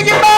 Biggie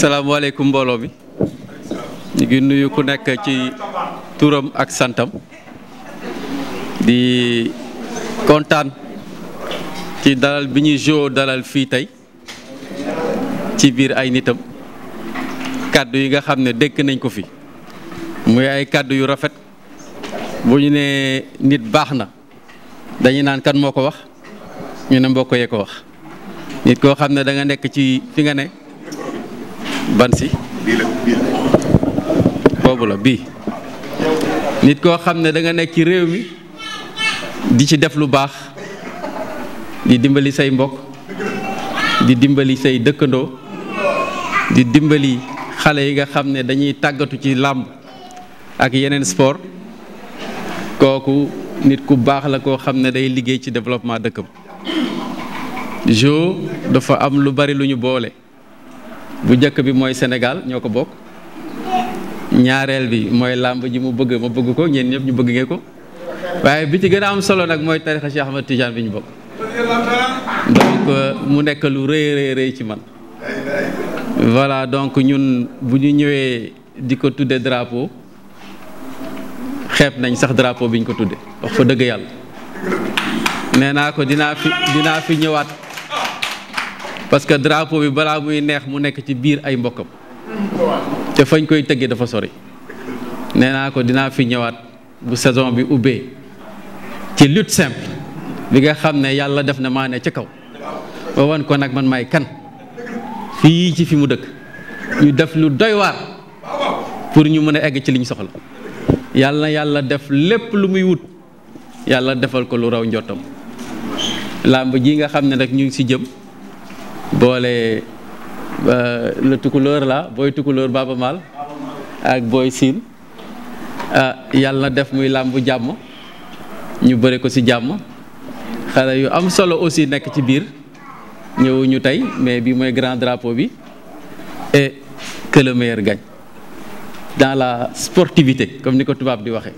salaamaaleykum mbooloo bi ñu nuyu ku nekk ci turam ak santam di kontaan ci dalal bi ñuy jo dalal fii tey ci biir ay nitam kàddu yi nga xam ne dégg nañ ko fi muy ay kàddu yu rafet bu ñu nee nit baax na dañuy naan kan moo ko wax ñu ne mbokk yee ko wax nit koo xam ne danga nekk ci fi nga ne bansi si. boobu la bii. nit koo xam ne danga nekk ci réew mi di ci def lu baax di dimbali say mbokk di dimbali say dëkkandoo di dimbali xale yi nga xam ne dañuy tàggatu ci làmb ak yeneen sport kooku nit ku baax la koo xam ne day liggéey ci développement dëkkam jo dafa am lu bari lu ñu boole. bu njëkk bi mooy Sénégal ñoo ko bokk ñaareel bi mooy làmb ji mu bëgg ma bëgg ko ñeen ñëpp ñu bëgg ngeen ko waaye bi ci gën a am solo nag mooy tarixa Cheikh Ahmed Tidiane bi ñu bokk donc euh, mu nekk lu rëy rëy ci man voilà donc ñun bu ñu ñëwee di ko tudde drapo xeeb nañ sax drapo bi ñu ko tudde wax dëgg yàlla nee naa ko dinaa fi dinaa fi ñëwaat parce que drapeau bi balaa muy neex mu nekk ci biir ay mbokkam te fañ koy tëggee dafa sori nee naa ko dinaa fi ñëwaat bu saison bi ubbee ci lutte simple bi nga xam ne yàlla def na maa ci kaw ba wan ko nag man may kan fii ci fi mu dëkk ñu def lu doy waar pour ñu mën a egg ci li ñu soxla yàlla na yàlla def lépp lu muy wut yàlla defal ko lu raw njottam làmb ji nga xam ne rek ñu ngi si jëm boole euh, le tukulóor la booy tukulóor Baaba Maal ak booy siin ah, yàlla na def muy làmb jàmm ñu bëre ko ci jàmm xale yu am solo aussi nekk ci biir ñëwuñu tey mais bii mooy grand drapeau bi e que le meilleur la sportivité comme ni ko tubaab di waxee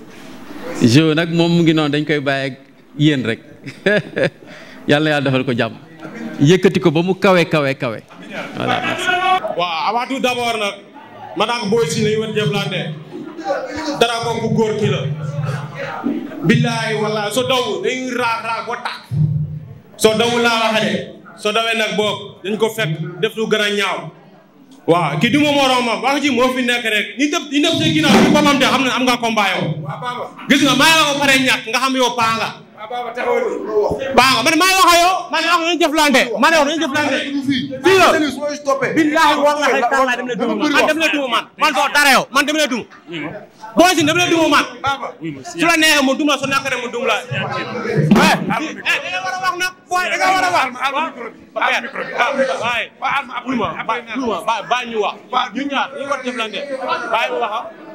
jeu nag moom mu ngi noonu dañ koy bàyyi ak yéen rek yàlla yàlla defal ko jàmm yëkkati ko ba mu kawe kawe kawe voilà merci. waaw avant tout d'abord nag man ak Boy Sine yi dara ko bu góor ki la. billaay wala so daw dañuy raag raag ba tàkk soo dawul laa waxe de soo dawee nag boobu dañ ko fekk def lu gën a ñaaw waaw kii du ma moroomam wax ji moo fi nekk rek ñi dëpp ñi dëpp ci ginnaaw bi ko mam te xam am nga combat yow gis nga maa la ko pare ñàkk nga xam yow paa nga baax man maa ngi wax ak yow maa ngi wax nañu jëflante maa ngi wax nañu jëflante fii la billaahi wallaahi taalaa dem na duma man dem na duma man man doo dara yow man dem na duma boo si dem na duma man su la neexee mu dum la su mu dum la eh a wax nag booy a wax waaye ma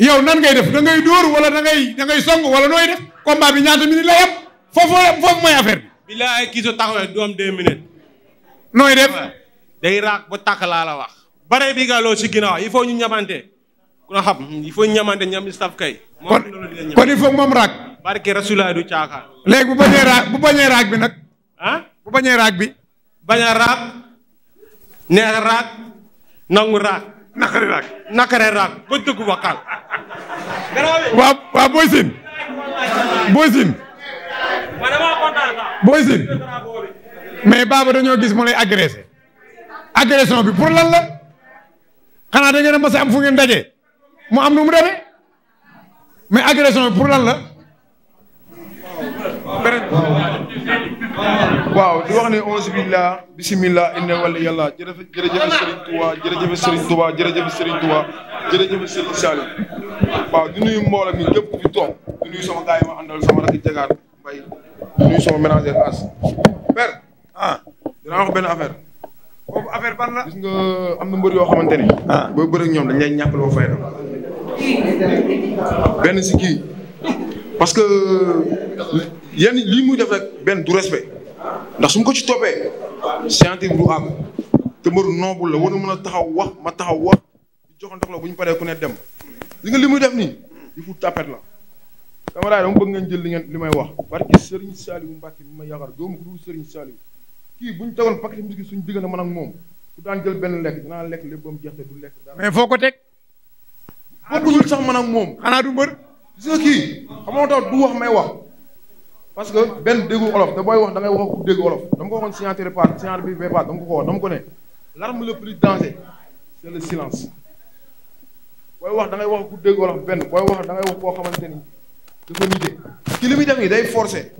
yow nan ngay def da ngay dóor wala da ngay da wala nooy def combat bi ñaata minutes la yem foofu foofu mooy affaire bi. bilaa ay kii su taxawee du am deux minutes. nooy def day raak ba tàkk laa wax. bare bi gàlloo si ginnaaw il faut ñu ñamante. ku na xam il faut ñu ñamante ñam staff kay. kon kon il faut moom raak. barke rasulaay du bu bañee raak bi nag. bu bañee raak bi. bañ a raak neex raak nangu raak. naqare raak. naqare raak ba dëggu wakkaal. waaw waaw Boy Sine. Boy Sine. Boy Sine. mais dañoo gis mu lay agressé. agression bi pour lan la. xanaa da ngeen a mës a am fu ngeen daje. mu am nu mu demee. mais agression bi pour lan la. waaw di wax ne onze billah bisimilah inna wali yàlla jërëjëf jërëjëf Serigne Touba jërëjëf Serigne Touba jërëjëf Serigne Touba jërëjëf Serigne Saliou waaw di nuyu mbooloo mi ñëpp ku toog di nuyu sama gars ma àndal sama rakk jagaar mbay di nuyu sama ménager as père ah dinaa wax benn affaire boobu affaire nga am na mbër yoo xamante ni ah. boo bëri ñoom dañ lay ñàkk loo fay benn si parce que yenn lii muy def benn du respect ndax su ma ko ci toppee scientifique du àgg te mbër noobu la war na mën a taxaw wax ma taxaw wax di jox ndox la bu ñu paree ku ne dem li nga li muy def nii il faut tapet la. camarade dama bëgg ngeen jël li ngeen li may wax barki Serigne Saliou Mbacke bi ma yaakaar doomu ko dul Serigne Saliou kii bu ñu tegoon paquet musique suñu diggante man ak moom ku daan jël benn lekk dinaa lekk lépp ba mu jeex te du lekk. mais foo ko teg. bokkuñu sax man ak moom. xanaa du mbër. gis nga kii xam nga taw du wax may wax. parce que benn déggu olof te booy wax da ngay wax ku dégg olof dama ko waxoon signature paat signature bi paat dama ko ko wax dama ko ne l'arme le plus c'est le silence booy wax da ngay wax ku dégg olof benn booy wax da ngay wax koo xamante ni dafa nite ki li muy def nii day forcé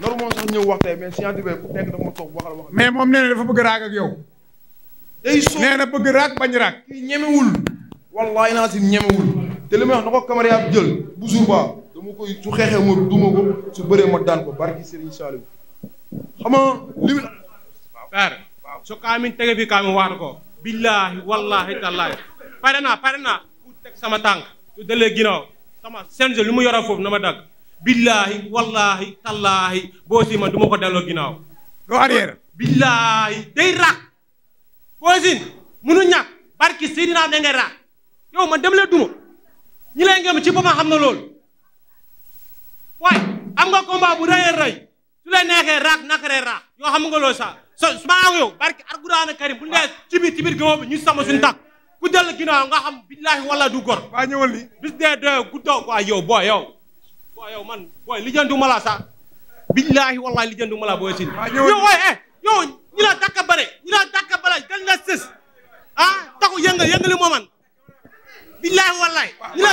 loolu moom sax ñëw wax tey mais signature bi ku nekk dafa toog waxal wax mais moom nee na dafa bëgg raag yow dama koy su xeexee ma duma ko su bëree ma daan ko barki Serigne Saliou xam nga li mu. père su kaamin tege fi kaamin waat ko. billaahi wallaahi tallaahi pare naa pare naa ku teg sama tànk su dalee ginnaaw sama seen lu mu yoroon foofu na ma dagg billaahi wallaahi tallaahi boo si ma du ko delloo ginnaaw. loo arrière. barki Seydina da ngay yow ma dem la duma ñi lay ci boppam xam na lool waaye am nga combat bu rëy a rëy su la neexee raak nakaree raak yoo xam nga loolu sax so su ma ak yow barki Alxuraan karim bu ñu nee ci biir ci biir gëmoo bi ñu sama suñu tàkk ku dellu ginnaaw nga xam billaahi wala du gor. waa ñëwal li bis dee doyoo guddoo waa yow booy yow booy yow man booy lijjantu du la sax billaahi wallaahi lijjantu ma la booy sin yow waay eh yow ñi la dàkk bare ñi la dàkk bare dañ la sës ah taxu yëngal yëngali moo man billaahi wallaahi ñi la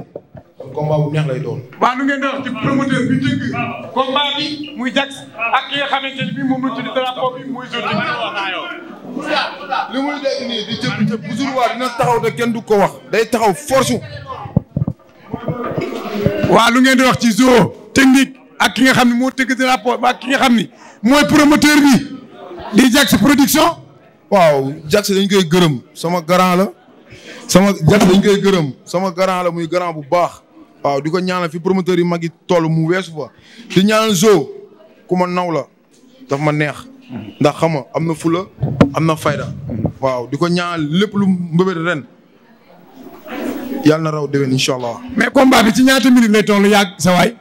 combat bu neex lay doon. waaw lu ngeen di wax ci promoteur bi tëgg combat bi muy Jax ak ki nga ngeen bi muy Zotik. bu suñu waa dina taxaw te kenn du ko wax day taxaw force. waa lu ngeen di wax ci zoo technique ak ki nga xam ne moo tëgg drapeau bi ak ki nga xam ni mooy promoteur bi di Jax production. waaw Jax dañ koy gërëm sama garant la. sama Jax dañ koy gërëm sama garant la muy garant bu baax. waaw di ko ñaanal fi promoteur yi mag yi toll mu weesu fa di ñaanal zoo ku ma naw la daf ma neex ndax xam nga am na fula am na fayda waaw di ko ñaanal lépp lu mbëbët ren yàlla na raw déwén incha allah. mais combat bi ci ñaata minutes lay toll yàgg sa waay.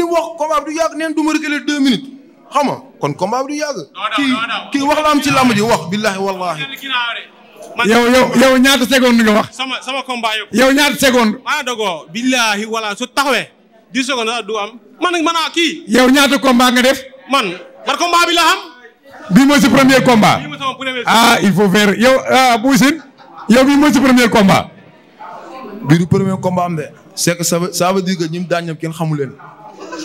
li wax combat bi du neen du ma reculer deux minutes xam kon combat bi du yàgg. wax la am ci làmb ji wax billahi wallahi yow yow yow ñaata seconde nga wax. sama sama combat yëpp. yow ñaata seconde. maa dogoo billaahi wala su taxawee. dix secondes du am. man nag man a ah, kii. yow ñaata combat nga def. man man combat bi bii mooy si premier combat. bii ah il faut faire yow ah Bouy Sine. yow bii mooy si premier combat. bii du premier combat am de. c'est que ça ñi mu daan ñoom kenn xamu leen.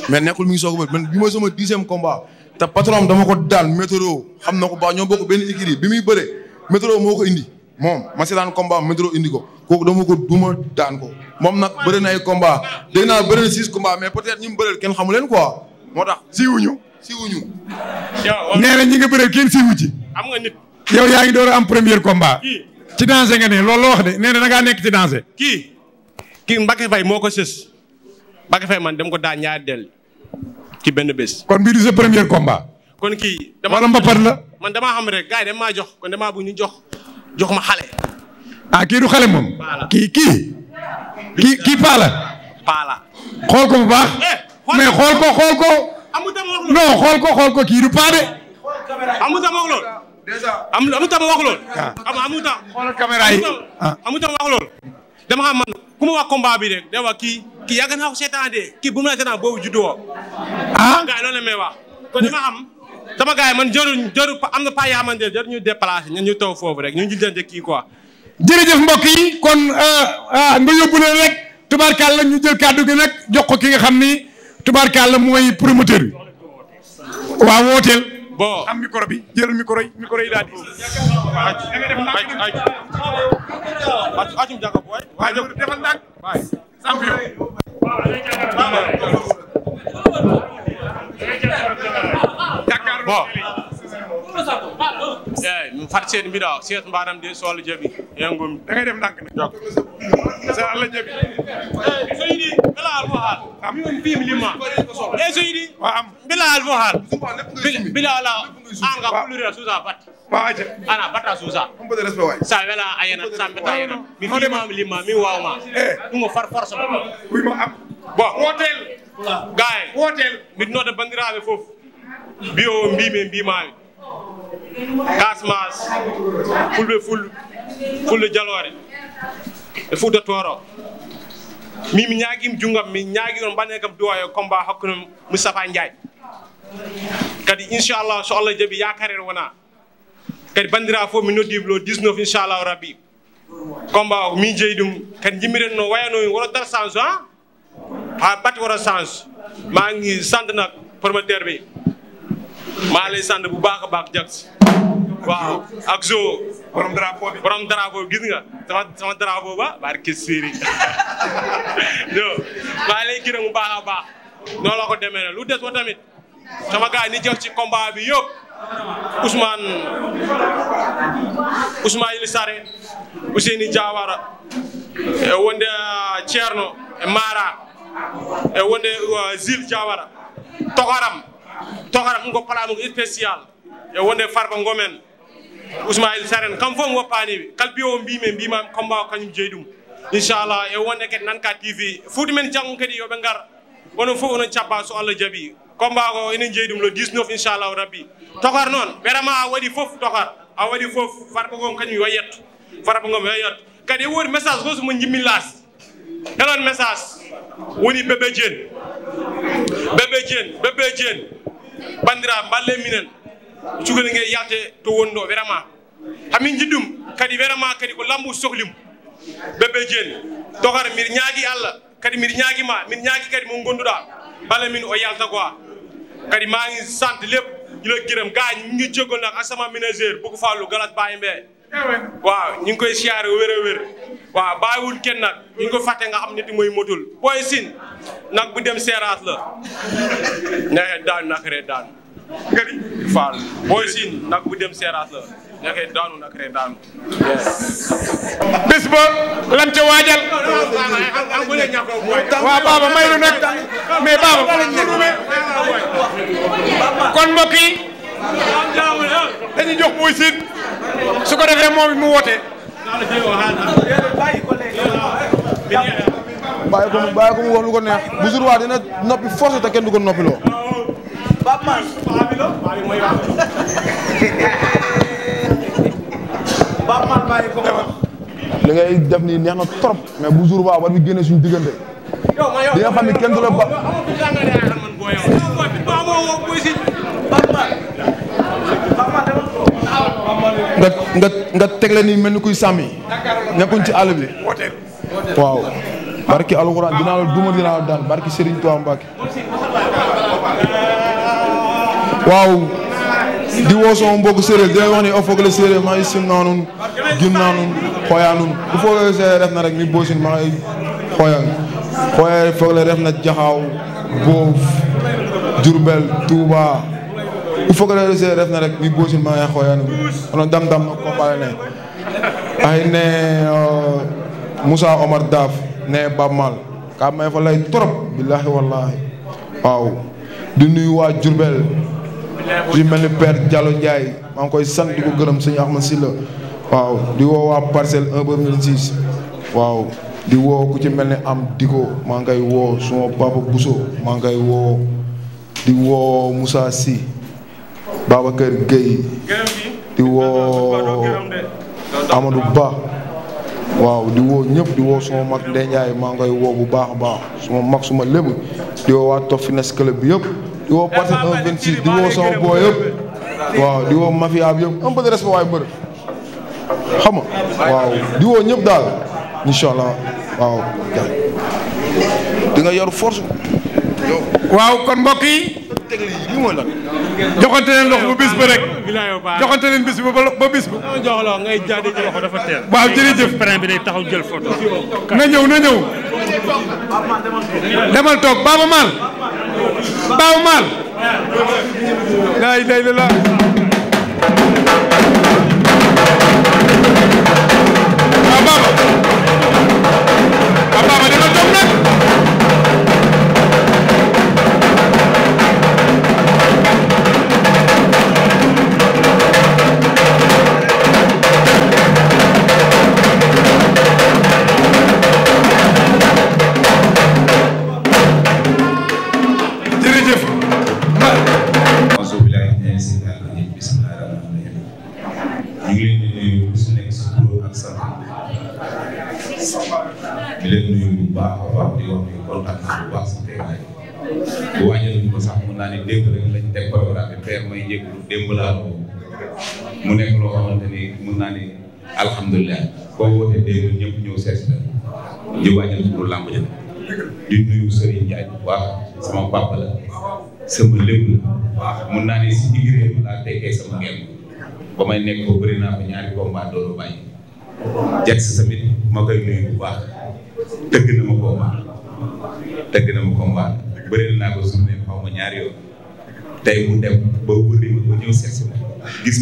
mais nekkul mi ngi soog man bii mooy sama dixième combat. te patron dama ko daan météo xam na ko baax ñoo bokk benn écurie bi muy bëre météo moo ko indi. moom ma seetaan combat métro indi ko kooku dama ko duma daan ko moom nag bëri na ay combat dégg naa bëri na six combat mais peut-être ñi mu bëreel kenn xamu leen quoi moo tax siiwuñu siiwuñu. yow nee na ñi nga bëreel kenn siiwu ci. am nga nit. yow yaa ngi door am premier combat. ci danger nga ne loolu la wax de nee na da nekk ci danger. kii kii Mbacke Faye moo ko sës Mbacke Faye man dem ko daan ñaari del ci benn bés. kon bii du sa premier combat. kon kii. dama wala mbapat la. man damaa xam rek gars yi dañ maa jox kon damaa bu ñu jox. jox ma xale. ah kii du xale moom. kii kii. kii kii la. paa ko bu baax. Eh, mais xool ko xool ko. non xool ko xool ko kii du paa de. amu tam wax amu tam wax dama xam man ku ma wax combat bi rek day wax kii kii yàgg naa ko kii bu mu boobu juddu woo. Ah. sama gars yi man jëruñ jëru am na pas yaa man jëru ñu déplacé ñun ñu taw foofu rek ñu ngi jëndee kii quoi. jërëjëf mbokk yi kon nga yóbbu leen rek tubaarkàlla ñu jël kàddu gi nag jox ko ki nga xam ni tubaarkàlla mooy promoteur bi. waaw wooteel. bon bi jël micro yi micro yi daal di. waay waay waay waay waay waay waay waay waay waay fat so Allah jabi yangum da ngay def ndànk nag jokk sa Allah jabi eh, seydi bilal mo hal am yum bim lima bat waaje ana bata susa on peut respect way sa wela ayena mi lima lima mi wawma dum eh. far force ma wi ma am bon wotel gaay wotel mi nodda bandiraɓe fof biyo mbime Casamance fulɓe ful fulɓe jaloore e fuuta tooro min mi ñaaguima junggam mi ñaagui on mbaɗen kam duwa e combat hakkude moustapha ndiaye kadi inchallah so allah jaaɓi yakarere kadi bandira fof mi noddiɓe lo 19 inchallahu rabbi combat o min kadi jimmiren no wayano woto dar change han ah? ha ɓatti woto change ma ngi sandana promoteur ɓe ma bu baax a baax waaw ak jo borom drapeau bi borom sama sama drapeau ba barke Serigne non maa lay gërëm bu baax a baax ko demee lu des wa tamit sama gars ni jox ci combat bi yëpp Ousmane Ousmane Ili Sare Ousseyni Diawara eh, wonde euh, Thierno eh, Mara eh, wonde euh, Zil Diawara tokaram tokaram ko palamu spécial e wonde Ngomen usmaili saren kam fof mi woppaniɓe kala biyowo mbimi kañum jeeyɗum inchallah e wonde kadi nanka tv fuuti men janggo kadi yooɓe ngar onon fof onon cabba allah jaaɓi combat enen jeeyi ɗum le 19 rabbi tokar noon vraiment a waɗi fof tokar a waɗi ngom kañum yo yetto ngom yo kadi e message woni bébé diene bébé diene bébé minen cukalel ngel yalte to woni ɗo vraiment hamin jiɗɗum kadi vraiment kadi ko lambu sohlimo ɓeɓɓe jeeni dokara mbiɗa ñaagui allah kadi mbiɗa ñaaguima mbiɗa ñaagui kadi mo gonduɗa balla min o yalta quoi kadi magi sante lépp jilo guiram ga ñi jegol nak asama ménagére boko fallu galat baye mbe waaw ñu ngi koy siyaare wér a wér waaw bàyyiwul kenn nag ñu ngi ko fàtte nga xam nit mooy motul booy sin nag bu dem seeraat la neexee daan naqaree daan Ngari Fall booy siin nag bu dem seeraas la ñakee daanu nag ree daanu bis ba lan ca waajal waaw baba may lu nag mais baba kon mbokk yi dañuy jox booy siin su ko defee moom mu woote bàyyi ko mu bàyyi ko mu wax lu ko neex bu jour waa dina noppi force te kenn du ko noppiloo Pape Mass Pape la Pape def nii neex na trop mais bu jour ba war bi génne suñu diggante di nga xam ne kenn du la ba nga tegle mel ni kuy sàmmi nekkuñ ci àll bi waaw barki alxuraan dinaa la duma dinaa la daan barki Serigne Touba Mbacke waaw di woo sama mbokk séeréer di wax ni o foog le séeréer maa ngi sim naa na rek mi boosin maa ngi xooya xooya foog na jaxaaw boof jurbel tuuba bu foog le na rek mi boosin maa ngi ono dam dam no kombale ne ay ne euh, Moussa Omar Daaf ne Bab Mal ka fa lay trop billahi wallahi waaw di nuyu waa jurbel di mel ni père Diallo njaay maa ngi koy sant di ko gërëm sëñ Ahmad Sylla waaw di woo waa parcelle 1 ba 1006 waaw di woo ku ci mel ni am diko maa ngi koy woo suma papa busoo maa ngi koy woo di woo musaa si Sy kër Gueye di woo Amadou Ba waaw di woo ñëpp di woo suma mag Ndeye Ndiaye maa ngi koy woo bu baax baax suma mag suma lépp di woo waa Top Fitness Club bi yëpp di woo parti boo yëpp waaw di woo mafia bi yëpp respect waaye mbër xam nga waaw di woo ñëpp daal incha allah waaw yor force waaw kon mbokk yi joxante leen ba bis rek joxante leen ba ba bis ba. waaw na ñëw na ñëw. demal toog Baba Maal. Baw Maal. la ilaha illallah papa la sama lépp mun naa ne si digg réew laa tekkee sama ngeen ba may nekk ko ko ñaari combat doolu bàyyi jag si ma koy nuyu bu baax tëgg na ma tëgg na ma combat bëri naa ko journée xaw ñaari yoon tey mu dem ba wëri ma ba ñëw seet si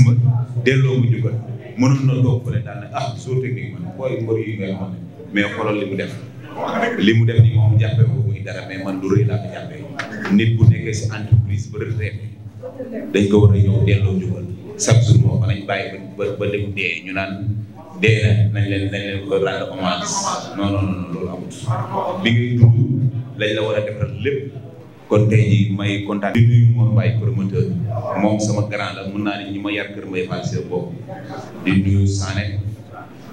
ma ma delloo mu jugal mënoon na toog fële daal ne ah soo technique man booy mbër yi ngay xam ne mais xoolal li mu def li mu ni moom jàppee ko muy dara mais man lu laa ko jàppee nit bu nekkee si entreprise ba dañ ko war a ñëw delloo njukkal chaque jour moo fa nañ bàyyi ba ba dee ñu naan dee na nañ leen nañ leen ko rendre hommage non non non loolu amut la war a defal lépp kon tey may kontaan di nuyu Mor Mbaye promoteur moom sama grand mun naa ne ñi ma yar kër may fànn seen bopp di nuyu Sané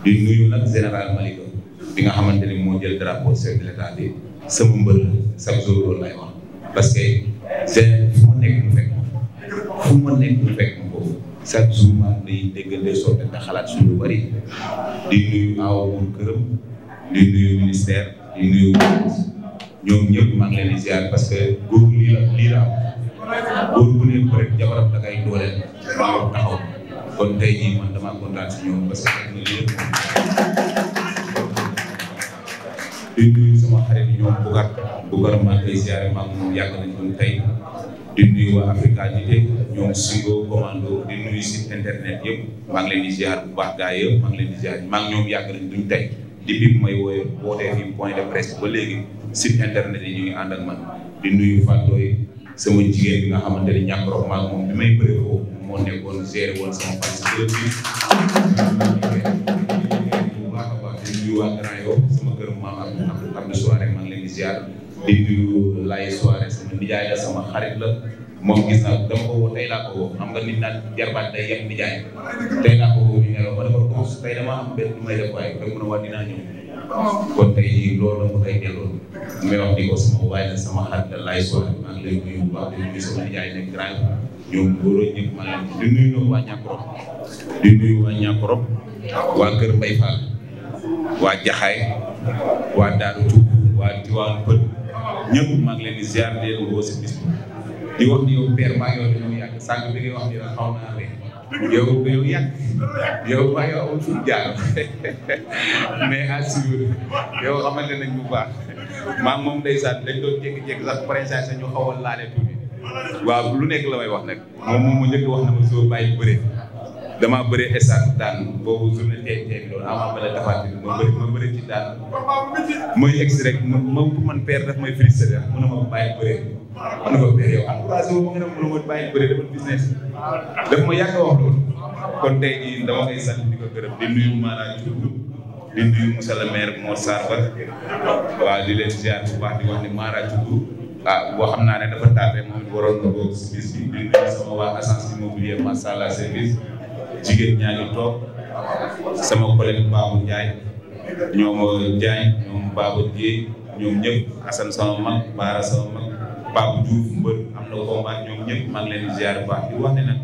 di nuyu nag général Malika bi nga xamante ni moo jël drapeau chef de l'état bi sama mbër chaque jour lay wax parce que c'est fu nekk mu fekk fu ma nekk mu fekk ma foofu chaque jour maa ngi lay déggante soog a xalaat suñu bari di nuyu awa woon këram di nuyu ministère di nuyu ñoom ñëpp maa ngi leen di ziar parce que góor lii la lii la am góor bu nekk rek jabaram da dooleel taxaw kon tey jii man damaa kontaan si ñoom parce que. di nuyu sama xarit yi ñoom Bougar Bougar maa ngi lay ziare maa ngi moom yàgg nañ ñoom di nuyu waa Africanité ñoom Singo commando di nuyu site internet yëpp maa ngi leen bu baax gaa yëpp maa ñoom yàgg nañ duñ tey depuis bi may wooyee wootee fi point de presse ba léegi site internet yi ñu ngi di nuyu fàttooy sama jigéen bi nga xamante ne ñàkk rok maa moom bi may bëree moo nekkoon géré woon sama partie nuyu waa Grand Yoff sama kër a ak am am na soirée maa ngi leen di ziar di nijaay la sama xarit la moom gis naa ko tey laa ko woo xam nga nijaay tey laa ko woo a wax dinaa ñëw kon tey jii wax di ko sama waay sama xarit la laay soirée maa ngi lay nuyu bu baax di waa Niakorop di nuyu waa Niakorop waa Kër Mbaye Fall waa jaxaay waa daaru Cuub waa Tiwaan Pël ñëpp maa ngi leen di ziar di leen woo si bis bi di wax ni yow père maa yow dañoo yàgg sànq bi ngay wax ni la xaw naa ree yow yow yàgg yow maa yow amul fu jaar mais assure yow xamante nañ bu baax maa moom ndeysaan dañ doon jékki-jékki sax présentation ñu xaw a laale lu nekk la may wax nag moom moom mu njëkk wax na ma soo bàyyi bëre damaa bëree esaat daan boobu journée tey tey bi doon amaa bële si rek ma ma daf ne ma bàyyi bëree ma ne ko père yow encouragé wu ma nga ne ma ma bàyyi bëree dafa business daf ma yàgg wax loolu kon tey ah boo naa ne dafa tardé moom waroon na ko bis bi di sama waa agence immobilier macha allah service. jigéen ñaa ngi toog sama collègue Babou Ndiaye ñoom Ndiaye ñoom Babou Ndiaye ñoom ñëpp Assane sama mag Baara sama mag Babou Diouf mbër am na combat ñoom ñëpp maa leen di ziar baax ne nag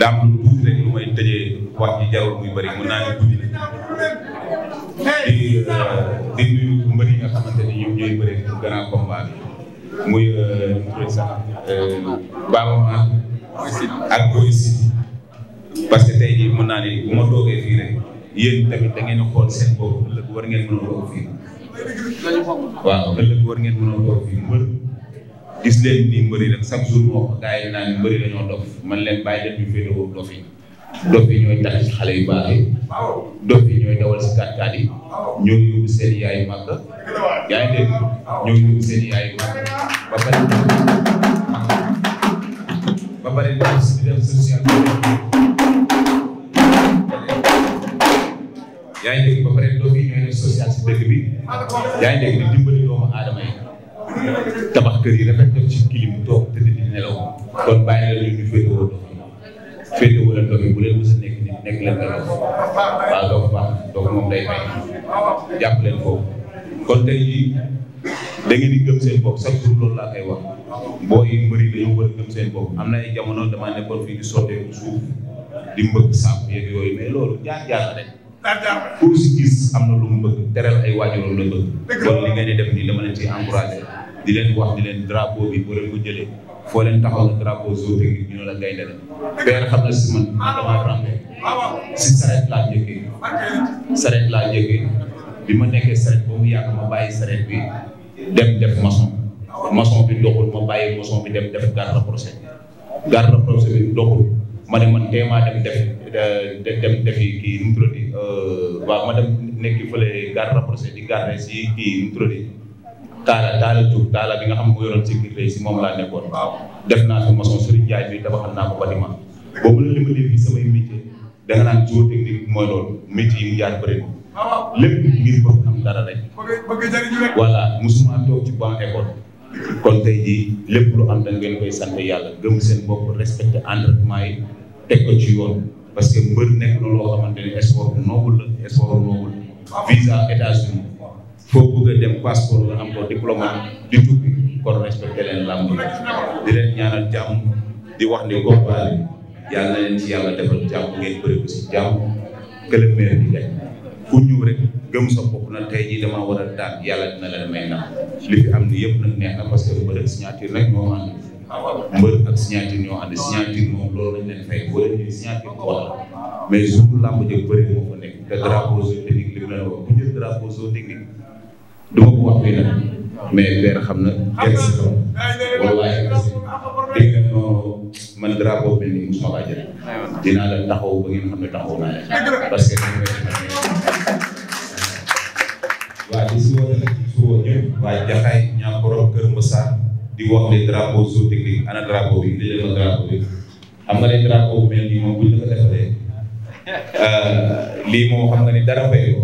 daam lu tuuti rek lu may tëjee wax ji jarul muy bëri mën naa guddi di euh, di nuyu mbër yi ni ñoom ñooy bëri grand combat bi muy muy euh, sax Baba Ma ak Boy parce que tey jii mën naa ne bu ma toogee fii rek yéen xool seen bopp ëllëg war ngeen mën fii. waaw ëllëg war ngeen mën fii mbër gis leen nii mbëri rek chaque jour moo ko gars yi naan mbëri dañoo dof man leen bàyyi leen ñu féetewoo dof yi dof ñooy tax xale yu baax yi dof ñooy dawal si kàttan yi ñoo yóbbu seen yaay màgg yaa ngi dégg ñoo yóbbu seen yaay màgg ba pare ba pare def social yaa ngi ba pare doom yi ñooy social si dëkk bi yaa ngi dégg dimbali doomu aadama yi tabax kër yi rafet def ci kilim toog te di nelaw kon bàyyi la ñu ñu féetewoo doom yi bu leen mës a nekk nit nekk leen nelaw waaw doomu baax doog moom day may jàpp leen kon tey jii da gëm seen bopp chaque jour loolu laa koy wax boo yi mbëri dañoo war a gëm seen bopp am na ay jamono damaa nekkoon fii di sotteeku suuf di mbëkk sàmm yooyu mais loolu jaar jaar rek koo si gis am na lu mu bëgg teral ay waajuram la bëgg li ngeen di def nii dama leen ci encouragé di leen wax di leen drapeau bi boo leen ko jëlee foo leen taxaw la drapeau zoo technique bi ñu la gaynde la benn si man ah, ah, laa njëkkee saret laa njëkkee bi ma nekkee saret ba mu yàgg ma bàyyi saret bi dem def maçon ah, maçon bi doxul ma bàyyi maçon bi dem def garde rapproché garde rapproché bi doxul ma ne man tey maa dem def dem defi kii nu mu tuddati euh, waaw ma dem nekk fële garde rapproché di garde si kii nu mu tuddati taala taala tur taala bi nga xam ne mu si moom laa nekkoon. waaw def naa ko maçon Serigne Ndiaye bi tabaxal naa ko bâtiment boobu la li ma leen samay métier da nga naan jiw technique mooy loolu métier yi mu jaar bëri ah, lépp ngir bëgg am dara kon tey jii lépp lu am da koy sant yàlla gëm seen bopp respecté entraînement yi teg ko ci yoon parce que mbër nekk na la sport bu noble visa États-Unis foo bëgg dem passeport nga am ko diplomate di tukki kon respecté leen di leen ñaanal jàmm di wax ni combat yàlla na leen ci yàlla defal jàmm ngeen bëri ko si jàmm que le meilleur gagne ku ñëw rek gëm sa bopp na tey jii damaa war a daan yàlla dina la may na li fi am ni yëpp nag neex na parce que mbër ak signature nag ñoo ànd ah, mbër ak signature ñoo ànd signature mais surtout làmb jëg bëri moo fa nekk mais xam na egg si kaw wallaahi dégg nga ba ngeen xam ne taxaw naa leen parce que waa di si woote ñaa borom Kër Moussa di wax ne drapeau jour technique ana drapeau bi li ma drapeau bi xam na ne drapeau bu mel nii moom buñ la ko xam nga ni dara fay ko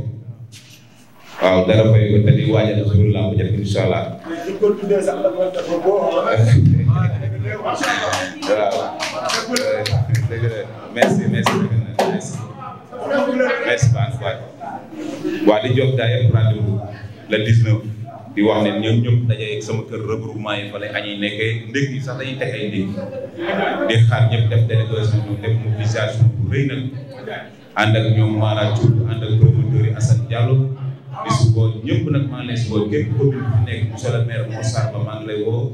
waaw dara fay ko te di waajal suñu làmb jëf incha allah waaw merci merci merci merci waa di jox gars yëpp rendez-vous le 19 di wax ne ñoom ñoom dajee ak sama kër regroupement yi fa la añuy nekkee ndékk yi sax dañuy texee ndékk di xaar ñëpp def délégation ñoom def mobilisation bu rëy nag ànd ak ñoom Mara Thioub ànd ak promoteur yi Assane Diallo di suboo ñëpp nag maa ngi lay suboo képp nekk monsieur le maire Mor Sarr maa ngi lay woo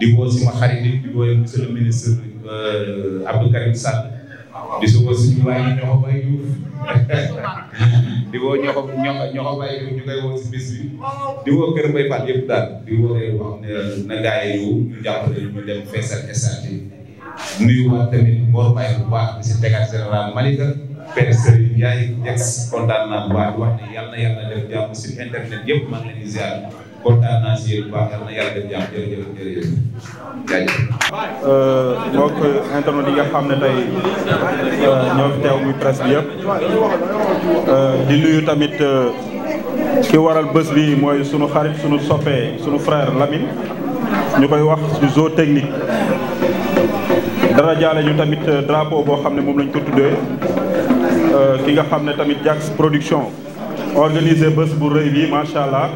di woo suma xarit di woo monsieur le ministre euh, Abdou Karim Sall di suba suñu waay ñoxo bay Diouf di woo ñoxo ñoxo bay Diouf ñu koy di woo kër Mbaye Fall yëpp daal di woo leen wax ne na gars yi ñu jàppale ñu dem feesal stade bi nuyuwaat tamit Mor Baye bu baax si tegaat général Malika Père Serigne Ndiaye jeex kontaan naa wax ne yàlla na yàlla def jàmm si internet yëpp maa ngi kontaan naa si yéen bu na yàlla def jàmm jërëjëf jërëjëf euh, internet yi xam ne tey euh, ñoo teew muy presse bi euh, di nuyu tamit ki waral bës bi mooy sunu xarit sunu soppee sunu frère Lamine ñu koy wax du zoo technique. dara jaale ñu tamit drapeau boo xam ne moom lañ ko tuddee ki nga xam ne tamit Jax production organisé bés bu rëy bi macha allah.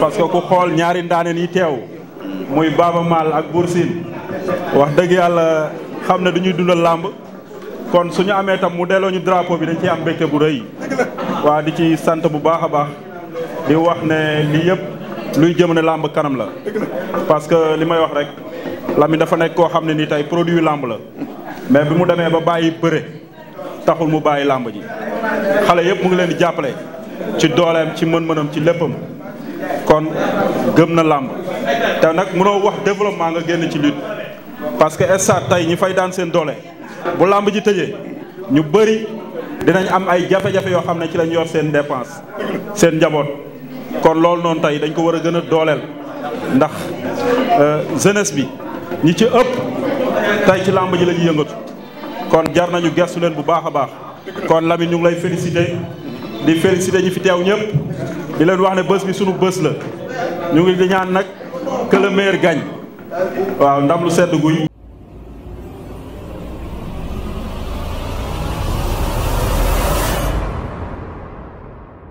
parce que ku xool ñaari ndaaneen yi teew muy Baaba Maal ak Bour wax dëgg yàlla xam ne duñuy dundal làmb kon suñu amee tam mu delloo ñu drapeau bi dañ ciy am mbégte bu rëy waa di ci sant bu baax a baax di wax ne lii yëpp luy jëm ne làmb kanam la parce que li may wax rek Lamine dafa nekk koo xam ne nii tey produit làmb la mais bi mu demee ba bàyyi bëre taxul mu bàyyi làmb ji xale yëpp mu ngi leen di jàppale ci dooleem ci mën-mënam ci léppam kon gëm na làmb te nag mënoo wax développement nga génn ci lutte parce que stade tey ñi fay daan seen doole bu làmb ji tëjee ñu bëri dinañ am ay jafe-jafe yoo xam ne ci lañ yor seen dépense seen njaboot kon loolu noonu tey dañ ko war a gën a dooleel ndax euh, jeunesse bi ñi ci ëpp tey ci làmb ji lañuy yëngatu kon jar nañu gestu leen bu baax a baax kon Lamine ñu ngi lay félicité di félicité ñi fi teew ñëpp di leen wax ne bës bi sunu bës la ñu ngi di ñaan nag que le waaw ndam lu sedd guy